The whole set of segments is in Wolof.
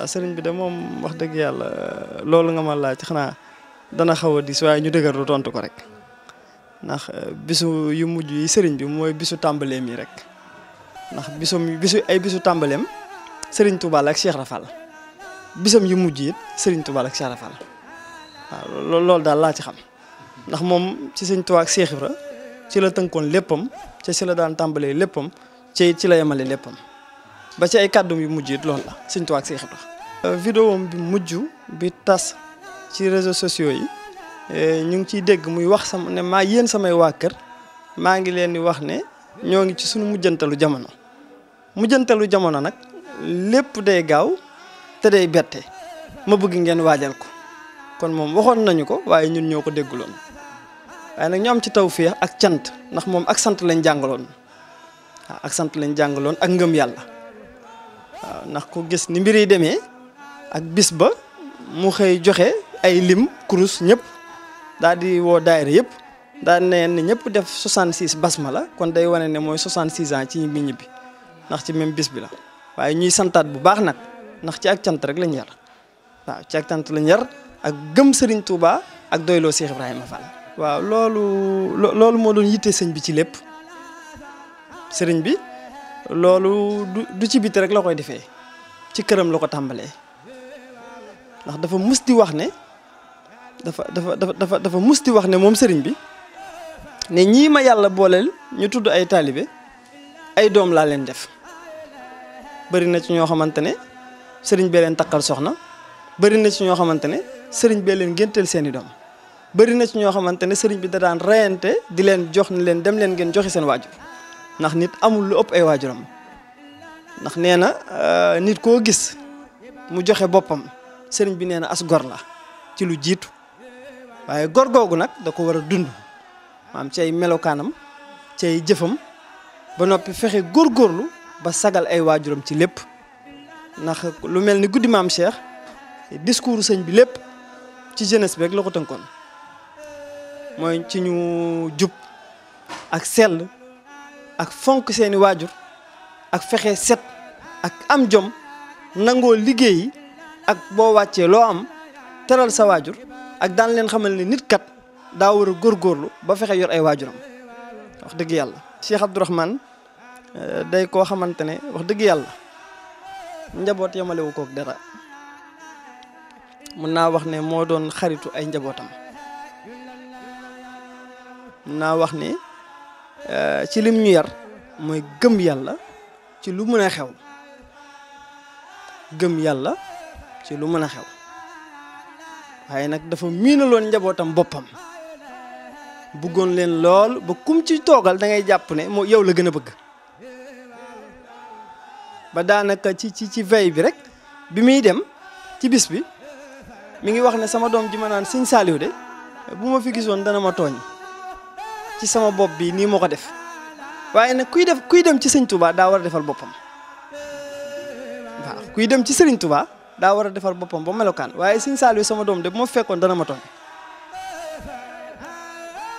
waaw sëriñ bi de moom wax dëgg yàlla loolu nga ma laaj xanaa dana xaw a dis waaye ñu dëgër lu tontu ko rek ndax euh, bisu yu mujj yi sëriñ bi mooy bisu tàmbaleem yi rek ndax bisum bisu ay bisu tàmbaleem sëriñ Touba la ak Cheikh Rafal bisam yu mujj it sëriñ Touba la ak Cheikh Rafal waaw loolu daal laa ci xam ndax moom ci sëriñ Touba ak Cheikh Ibra ci la tënkoon léppam ci la daan tàmbalee léppam ci ci la yemale léppam. ba ci ay kàddum yu mujj it loolu la Sëñ Tuubaa ak Seex mu euh, mujj bi tas ci réseau sociaux yi euh, ñu ngi ciy dégg muy wax sama ne maa yéen samay waa kër maa ngi leen di wax ne ñoo ngi ci suñu mujjantalu jamono mujjantalu jamono nag lépp day gaaw te day bette ma bugg ngeen waajal ko kon moom waxoon nañu ko waaye ñun ñoo ko dégguloon waaye nag ñoo am ci taw tawféex ak cant ndax moom ak sant lañ jàngaloon waaw ak sant lañ jàngaloon ak ngëm yàlla waaw ndax ku gis ni mbir demee ak bis ba mu xëy joxe ay lim kurus ñëpp daal di woo daayira yëpp daal ne ne ñëpp def bas ma la kon day wane ne mooy 66 ans ci ñibbi ñibbi ndax ci même bis bi la waaye ñuy santaat bu baax nag ndax ci ak cant rek lañ yar waaw ci ak cant lañ yar ak gëm sëriñ Touba ak doyloo Cheikh Ibrahima Fall. waaw loolu loolu moo doon yitte sëñ bi ci lépp sëriñ bi. loolu du du ci biti rek la koy defee ci këram la ko tàmbalee ndax dafa mus di wax ne dafa dafa dafa dafa mus wax ne moom sëriñ bi ne ñii ma yàlla booleel ñu tudd ay taalibe ay doom laa leen def bari na ci ñoo xamante ne sëriñ bee leen takkal soxna bari na ci ñoo xamante ne sëriñ bee leen génteel seeni doom bari na ci ñoo xamante ne sëriñ bi da daan reyante di leen jox ni leen dem leen ngeen joxe seen waajur ndax nit amul lu ëpp ay wajuram ndax neena euh, nit ko gis mu joxe bopam serigne bi neena as gor la ci lu jitu waye gor googu nak da ko dund maam ci ay melokaanam ci ay jëfam ba noppi fexe góorgóorlu ba sagal ay wajuram ci lepp ndax lu melni goudi mam Cheikh discours serigne bi lepp ci jeunesse bek lako moy ci ñu jup ak sel ak fonk seeni wajur ak fexé set ak am jom nango liggéey ak bo wàccee lo am teral sa wajur ak dan leen xamal ni nit kat da wara gor gorlu ba fexé yor ay wajuram wax deug yalla Cheikh abdourahman euh, day xamantene wax deug yalla njabot yamale wu ko ak dara mën naa wax ne mo doon xaritu ay njabotam wax ne. Euh, ci lim ñu yar mooy gëm yàlla ci lu mën a xew gëm yàlla ci lu mën a xew waaye nag dafa miinaloon njabootam boppam bëggoon leen lool ba kum ci toogal da ngay jàpp ne moo yow la gën a bëgg ba daanaka ci ci ci veille bi rek bi muy dem ci bis bi mi ngi wax ne sama doom ji ma naan Sëñ Saaliw de bu ma fi gisoon dana ma tooñ ci sama bop bi ni moko def waye nak kuy def kuy dem ci serigne Touba da wara defal bopam waaw kuy dem ci serigne Touba da wara defal bopam bo melokan waye serigne sama dom de mo fekkon dana ma ton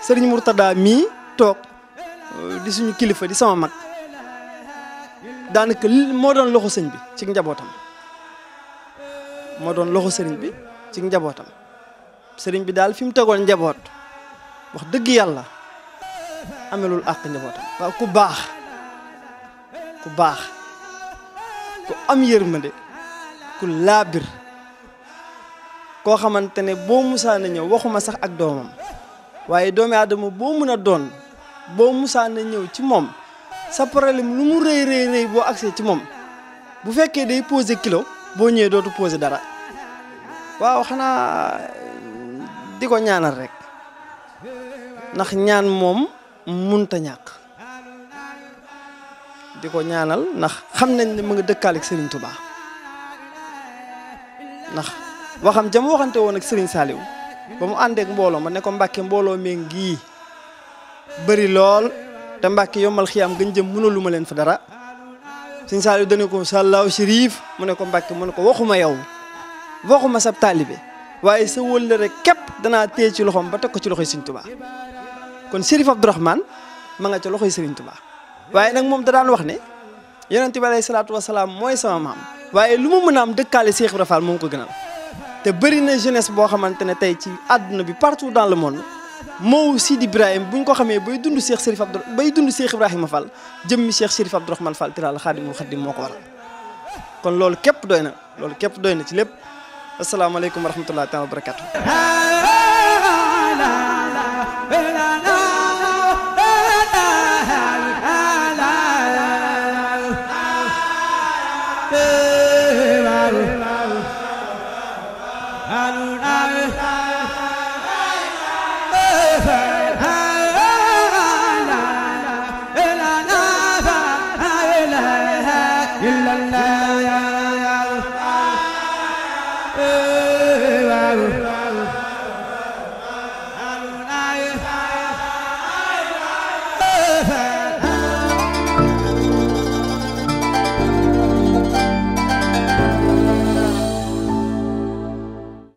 serigne murtada mi tok di suñu kilifa di sama mak danaka mo don loxo serigne bi ci njabotam mo don loxo serigne bi ci njabotam serigne bi dal fim njabot wax deug yalla amelul àq njabootam waaw ku baax ku baax ku am yërmande ku laabir koo xamante ne boo musaana ñëw waxuma sax ak doomam waaye doomi aadama boo mën a doon boo musaa musaana ñëw ci moom sa problème lu mu rëy rëy rëy boo agsee ci moom bu fekkee day posé kilo boo ñëwee dootu posé dara waaw xanaa di ko ñaanal rek ndax ñaan moom munta ñak di ñaanal ndax xamnañ ni ne mu nga dekkal ak Serigne Touba ndax waxam jam waxante won ak Serigne saliw ba mu ak mbolo ma ne ko mbacke mbolo me ngi bëri lol te mbacke yomal xiyam gën jëm mënaluma len fa dara Serigne saliw dañ ko sallahu sharif mu ne ko mbacke mu ne ko waxuma yow waxuma sab talibé waye sa wolle rek kep dana tey ci loxom ba tek ko ci loxoy Serigne Touba kon serif abdurrahman ma nga ci loxoy Serigne Touba waye nak mom da dan wax ne yaron touba alayhi salatu wassalam moy sama mam waye luma meuna am dekkale Cheikh rafal mom ko gënal te bari na jeunesse bo xamantene tay ci aduna bi partout dans le monde moo Sidi Ibrahima buñ ko xamé bay dund Cheikh serif abdur bay dund Cheikh ibrahim Fall mi Cheikh serif abdurrahman Fall tiral Xaadimul khadim moko waral kon loolu kep doyna na kep doyna doy na ci lépp wa rahmatullahi